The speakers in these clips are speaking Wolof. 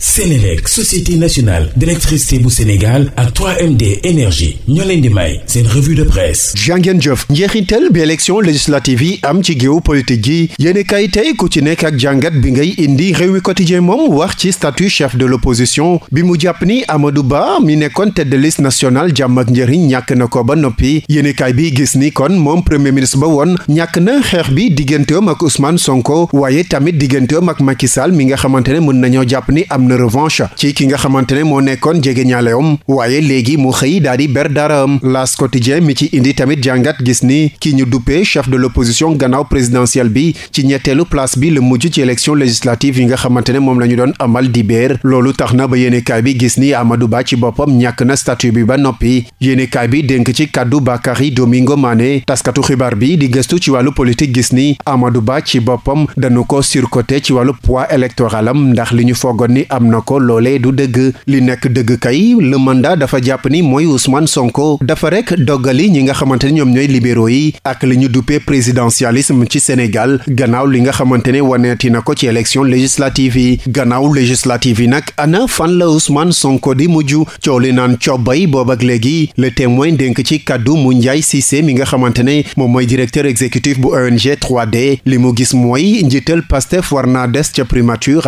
Sénélec société nationale d'électricité bu Sénégal ak 3MD énergie ñoo leen di may seen revue de presse jàngeen jëf njeexital bi élection législative yi am ci géew politique gi yéeni kay tey ku ci nekk ak jàngat bi ngay indi Rewmi Quotidien moom wax ci statut chef de l'opposition bi mu jàpp ni Amadou Ba mi nekkoon tête de liste nationale jàmm ak njëriñ ñàkk na ko ba noppi yéeni bi gis ni kon moom premier ministre ba woon ñàkk na xeex bi digganteem ak Ousmane Sonko waaye tamit digganteem ak Macky Sall mi nga xamante ne mën nañoo jàpp ni am am na revanche ci ki nga xamante ne moo nekkoon jege ñaalewam waaye léegi mu xëy daal di ber daaraam L'As Quotidien mi ci indi tamit jàngat gis ni ki ñu duppee chef de l'opposition gannaaw présidentielle bi ci ñetteelu place bi la mujj ci élection législative yi nga xamante ne moom la ñu doon amal di dibeer loolu tax na ba yéenekaay bi gis ni amadu Ba ci boppam ñàkk na statut bi ba noppi yéenekaay bi dénk ci kàddu Bakary Domingo Mané taskatu xibaar bi di gëstu ci wàllu politique gis ni Amadou Ba ci boppam dañu ko ci wàllu am na ko loolee du dégg li nekk dëgg kay le mandat dafa jàpp ni mooy Ousmane Sonko dafa rek doggali ñi nga xamante ne ñoom ñooy libéro yi ak li ñu duppee présidentialisme ci Sénégal gannaaw li nga xamante ne waneeti na ko ci élection législative yi gannaaw législative yi nag anna fan la Ousmane Sonko di mujj coow li naan cobbay boob ak léegi le témoin dénk ci kàddu mu Ndiaye Cissé mi nga xamante ne moom mooy directeur exécutif bu ONG 3D li mu gis mooy njiital Pastef war naa des ca primature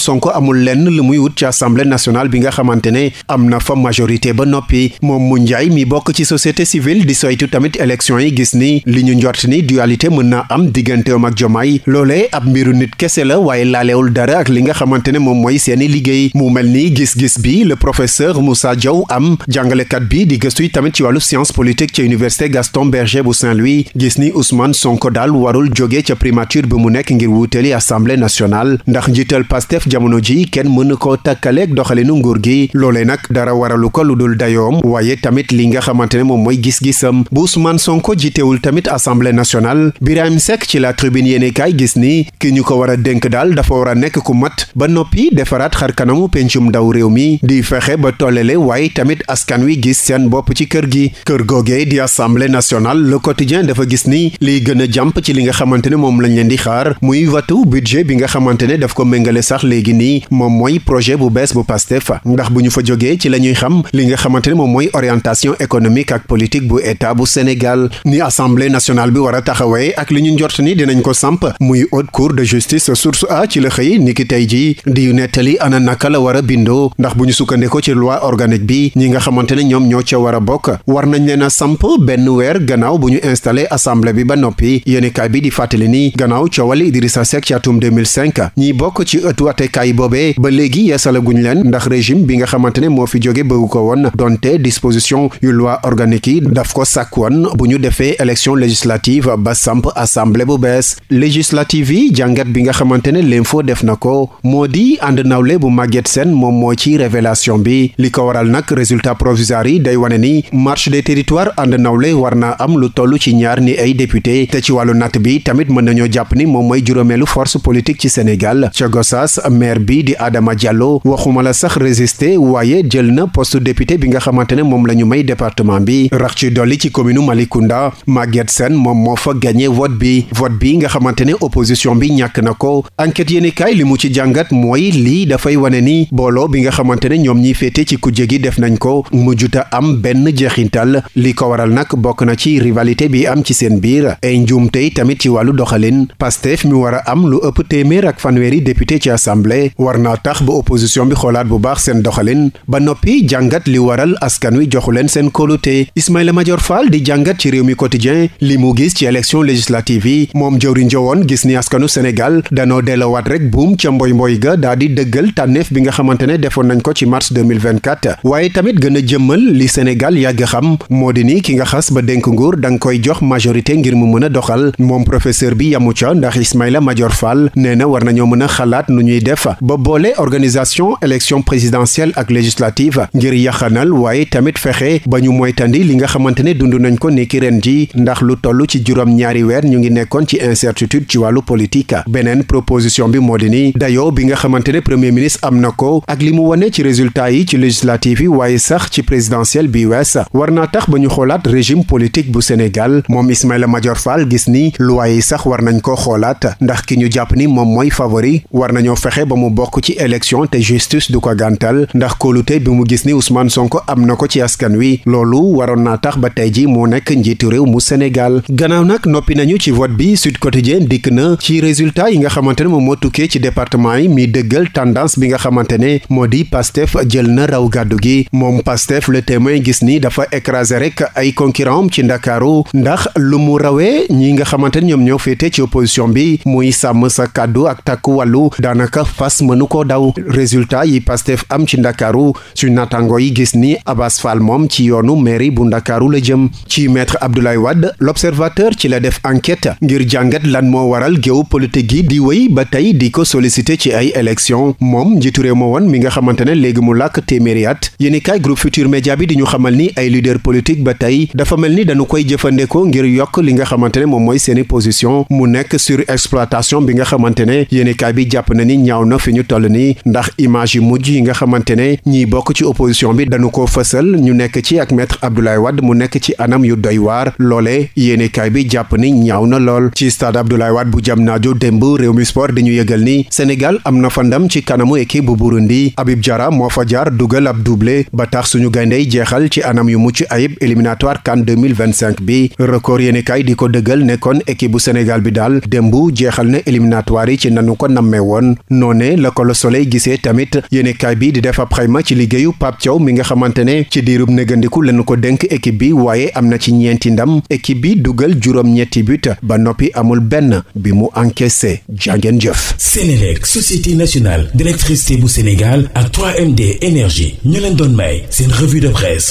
Sonko amul lenn lu muy wut ca assemblée nationale bi nga xamante ne am na fa majorité ba noppi moom mu njaay mi bokk ci société civile di soytu tamit élection yi gis ni li ñu njort ni dualité mën na am diggante digganteem ak jomaay loole ab mbiru nit kese la waaye laalewul dara ak li nga xamante ne moom mooy seeni liggéey mu mel ni gis-gis bi le professeur Moussa Diaw am jàngalekat bi di gëstu tamit ci wàllu science politique ca université Gaston Berger bu Saint-Louis gis ni Ousmane Sonko daal warul jóge ca primature bi mu nekk ngir wuutali assemblée nationale ndax njiital jamono ji kenn mën koo takkaleeg doxalinu nguur gi loolee nag dara waralu ko lu dul dayoom waaye tamit li nga xamante ne moom mooy gis-gisam bu Ousmane Sonko jitewul tamit assemblée nationale Birahim Seck ci la tribune yéenekaay gis ni ki ñu ko war a dénk daal dafa war a nekk ku mat ba noppi defaraat xar kanamu pencum ndaw réew mi di fexe ba tollele waaye tamit askan wi gis seen bopp ci kër gi kër googee di assemblée nationale le quotidien dafa gis ni liy gën a jàmp ci li nga xamante ne moom lañ leen di xaar muy watu léegi nii moom mooy projet bu bees bu Pastef ndax bu ñu fa jógee ci la ñuy xam li nga xamante ne moom mooy économique ak politique bu état bu Sénégal ni assemblée nationale bi war a taxawee ak li ñu njort ni dinañ ko samp muy haute cour de justice source a ci la xëy niki tey ji di nettali ana naka la war a bindoo ndax bu ñu sukkandiku ci loi organique bi ñi nga xamante ne ñoom ñoo ca war a bokk war nañ leen a samp benn weer gannaaw bu ñu installé assemblée bi ba noppi yéenekaay bi di fàttali ni gannaaw coowal Idrissa Seck ci atum 2005 ñiy bokk yéenekaay boobee ba léegi yeesalaguñ leen ndax régime bi nga xamante ne moo fi jóge bëgg ko woon donte disposition yu loi organique yi daf ko sàkkoon bu ñu defee élection législative ba samp assemblée bu bees législative yi jàngat bi nga xamante ne foo def na ko moo di ànd nawle bu Maguette seen moom moo ci révélation bi li ko waral nag résultat provisoire yi day wane ni marche de territoires ànd nawle war naa am lu toll ci ñaar ni ay député te ci wàllu natt bi tamit mën nañoo jàpp ni moom mooy juróomeelu force politique ci Sénégal maire bi di Adama Diallo waxuma la sax résister waaye jël na poste député bi nga xamante ne moom la ñu may département bi rax ci dolli ci commune Malicounda Maguette Sène moom moo fa gagné vote bi vote bi nga xamante ne opposition bi ñàkk na ko enquête yéenekaay li mu ci jàngat mooy lii dafay wane ni booloo bi nga xamante ne ñoom ñiy féete ci kujje gi def nañ ko mujjuta am benn jeexintal li ko waral nag bokk na ci rivalité bi am ci seen biir ay njuumte tamit ci wàllu doxalin Pastef mi war a am lu ëpp téeméer ak fanweeri député ci assemblée war naa tax ba opposition bi xoolaat bu baax seen doxalin ba noppi jàngat li waral askan wi joxu leen seen kóolute Ismaïla Madior Fall di jàngat ci réew mi quotidien li mu gis ci élection législative yi moom jëwriñ jowoon gis ni askanu Sénégal danoo dellowaat rek buum ca mboy mboy ga daa di dëggal tànneef bi nga xamante ne defoon nañ ko ci mars 2024 waaye tamit gën a jëmmal li Sénégal yàgg xam moo di nii ki nga xas ba denk nguur danga koy jox majorité ngir mu mën a doxal moom professeur bi yamu ca ndax Ismaïla Madior Fall def ba boole organisation élection présidentielle ak législative ngir yaxanal waaye tamit fexe ba ñu moytandi li nga xamante ne dund nañ ko nekki ren ji ndax lu toll ci juróom ñaari weer ñu ngi nekkoon ci incertitude ci wàllu politique beneen proposition bi moo di ni dayo bi nga xamante ne premier ministre am na ko ak li mu wane ci résultat yi ci législative yi waaye sax ci présidentielle bi wees war naa tax ba ñu xoolaat régime politique bu Sénégal moom Ismaïla Madior Fall gis ni loi sax war nañ ko xoolaat ndax ki ñu jàpp ni moom mooy favori war fexe ba mu bokk ci élection te justice du ko gàntal ndax kóolute bi mu gis ni Ousmane Sonko am na ko ci askan wi loolu waroon naa tax ba tey ji moo nekk njiitu réew mu Sénégal gannaaw nag noppi nañu ci vote bi Sud Quotidien dikk na ci résultat yi nga xamante ne moom moo tukkee ci département yi mi dëggal tendance bi nga xamante ne moo di Pastef jël na raw gàddu gi moom Pastef le témoin gis ni dafa écraser rek ay concurrent ci ndakaaru ndax lu mu rawee ñi nga xamante ne ñoom ñoo féete ci opposition bi muy sàmm fas mënu ko daw résultat yi Pastef am ci ndakaaru su natango yi gis ni Abass moom ci yoonu mairie bu ndakaaru la jëm ci maître Abdoulaye Wade l'observateur ci la def enquête ngir jàngat lan moo waral géopolitique yi di wéy ba tey di ko sollicité ci ay élection moom njiitu réew ma woon mi nga xamante ne léegi mu làkk téeméeri at yéeni kaay groupe Futur Média bi di ñu xamal ni ay leader politique ba tey dafa mel ni dañu koy jëfandikoo ngir yokk li nga xamante ne moom mooy seeni position mu nekk sur exploitation bi nga xamante ne yéeni bi jàpp na ni ñaaw na fi ñu toll ndax image yu mujj yi nga xamante ne ñiy bokk ci opposition bi dañu ko fësal ñu nekk ci ak maître Abdoulaye Wade mu nekk ci anam yu doy waar loole yéenekaay bi jàpp ni ñaaw na lool ci stade Abdoulaye Wade bu jam Diamniadio démb Rewmi Sport di ñu yëgal ni Sénégal am na fa ndam ci kanamu équipe bu Burundi Habib Diarra moo fa jaar dugal ab doublé ba tax suñu gayndey jeexal ci anam yu mucc ayib éliminatoire CAN 2025 bi record yéenekaay di ko dëggal nekkoon équipe bu Sénégal bi daal démb jeexal noonee la ko Le Soleil gisee tamit yéenekaay bi di def ab xayma ci liggéeyu Pape Thiaw mi nga xamante ne ci diirub négandiku lañu ko dénk équipe bi waaye am na ci ñeenti ndam équipe bi dugal juróom-ñetti but ba noppi amul benn bi mu encaissé jàngeen jëf. Sénélec société nationale d'électricité bu Sénégal ak 3MD énergie ñu leen doon may seen revue de presse.